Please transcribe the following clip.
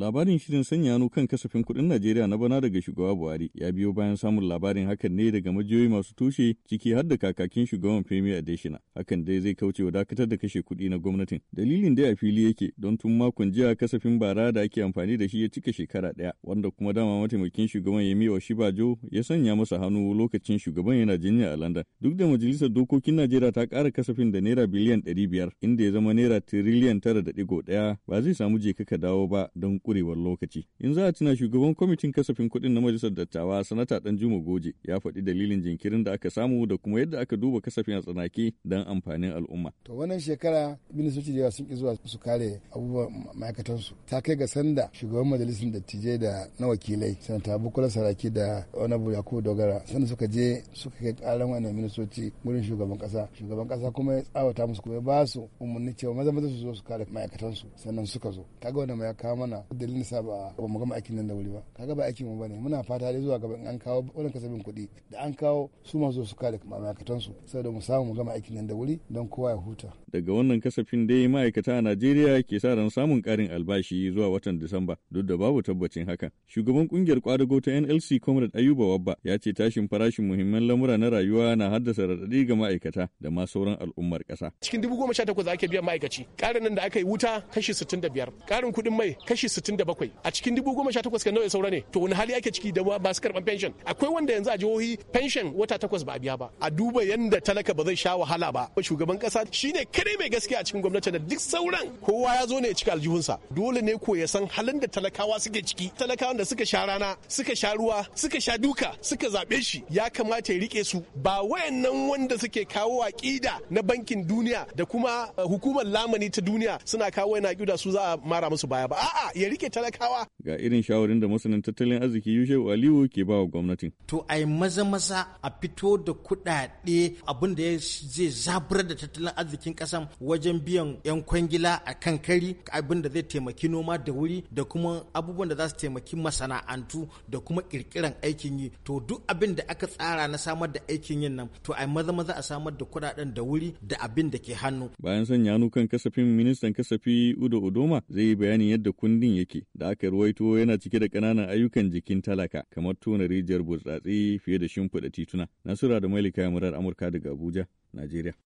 Labarin shirin sanya hannu kan kasafin kuɗin Najeriya na bana daga shugaba Buhari ya biyo bayan samun labarin hakan ne daga majiyoyi masu tushe ciki har da kakakin shugaban Premier Adesina. Hakan dai zai kauce wa dakatar da kashe kuɗi na gwamnatin. Dalilin dai a fili yake don tun makon jiya kasafin bara da ake amfani da shi ya cika shekara ɗaya wanda kuma dama mataimakin shugaban ya Yemi Oshibajo ya sanya masa hannu lokacin shugaban yana jinya a London. Duk da majalisar dokokin Najeriya ta kara kasafin da naira biliyan ɗari biyar inda ya zama naira tiriliyan tara da ɗigo ɗaya ba zai samu je kaka dawo ba don kurewar lokaci. In za a tuna shugaban kwamitin kasafin kuɗin na majalisar dattawa sanata juma Goje ya faɗi dalilin jinkirin da aka samu da kuma yadda aka duba kasafin a tsanake don amfanin al'umma. To wannan shekara ministoci da yawa sun ki zuwa su kare abubuwan ma'aikatansu. Ta kai ga sanda shugaban majalisar dattijai da na wakilai sanata Bukola Saraki da Onabu Yakubu Dogara sanda suka je suka kai ƙaran wannan ministoci wurin shugaban ƙasa. Shugaban ƙasa kuma ya tsawata musu kuma ya ba su umarni cewa maza maza su zo su kare ma'aikatansu sannan suka zo. Kaga wannan ya kawo mana dalilin nisa ba ba mu gama aikin nan da wuri ba kaga ba aikin mu bane muna fata dai zuwa gaba an kawo wannan kasafin kuɗi da an kawo su ma zo su kare ma'aikatan su saboda mu samu mu gama aikin nan da wuri don kowa ya huta daga wannan kasafin dai ma'aikata a Najeriya ke sa ran samun karin albashi zuwa watan Disamba duk da babu tabbacin hakan shugaban kungiyar kwadago ta NLC Comrade Ayuba Wabba ya ce tashin farashin muhimman lamura na rayuwa na haddasa radadi ga ma'aikata da ma sauran al'ummar kasa cikin dubu goma sha takwas ake biyan ma'aikaci ƙarin nan da aka yi wuta kashi 65 karin biyar kuɗin mai kashi 67 a cikin 2018 kan nawa saura ne to wani hali ake ciki da masu karban pension akwai wanda yanzu a jihohi pension wata takwas ba a biya ba a duba yanda talaka ba zai sha wahala ba shugaban kasa shine kadai mai gaskiya a cikin gwamnati da duk sauran kowa ya zo ne ya cika aljihunsa dole ne ko ya san halin da talakawa suke ciki talakawan da suka sha rana suka sha ruwa suka sha duka suka zaɓe shi ya kamata ya rike su ba wayannan wanda suke kawo aƙida na bankin duniya da kuma eh, hukumar lamani ta duniya suna kawo yana aƙida su za a mara musu baya ba a'a ya rike talakawa ga irin shawarin da masanin tattalin arziki yushe Aliyu ke ba wa gwamnatin to ai maza maza a fito da kuɗaɗe abin da zai zaburar da tattalin arzikin ƙasan wajen biyan 'yan kwangila a kan kari abin da zai taimaki noma da wuri da kuma abubuwan da za su taimaki masana'antu da kuma ƙirƙiran aikin yi to duk abin da aka tsara na samar da aikin yin nan to ai maza maza a samar da kuɗaɗen da wuri da abin da ke hannu bayan sanya hannu kan kasafin ministan kasafi Udo Odoma zai yi bayanin yadda kundin yake da aka ruwaito yana cike da ƙananan ayyukan jikin talaka kamar tona rijiyar burtsatse fiye da shimfiɗa tituna. Nasura da Malika murar Amurka daga Abuja, Najeriya.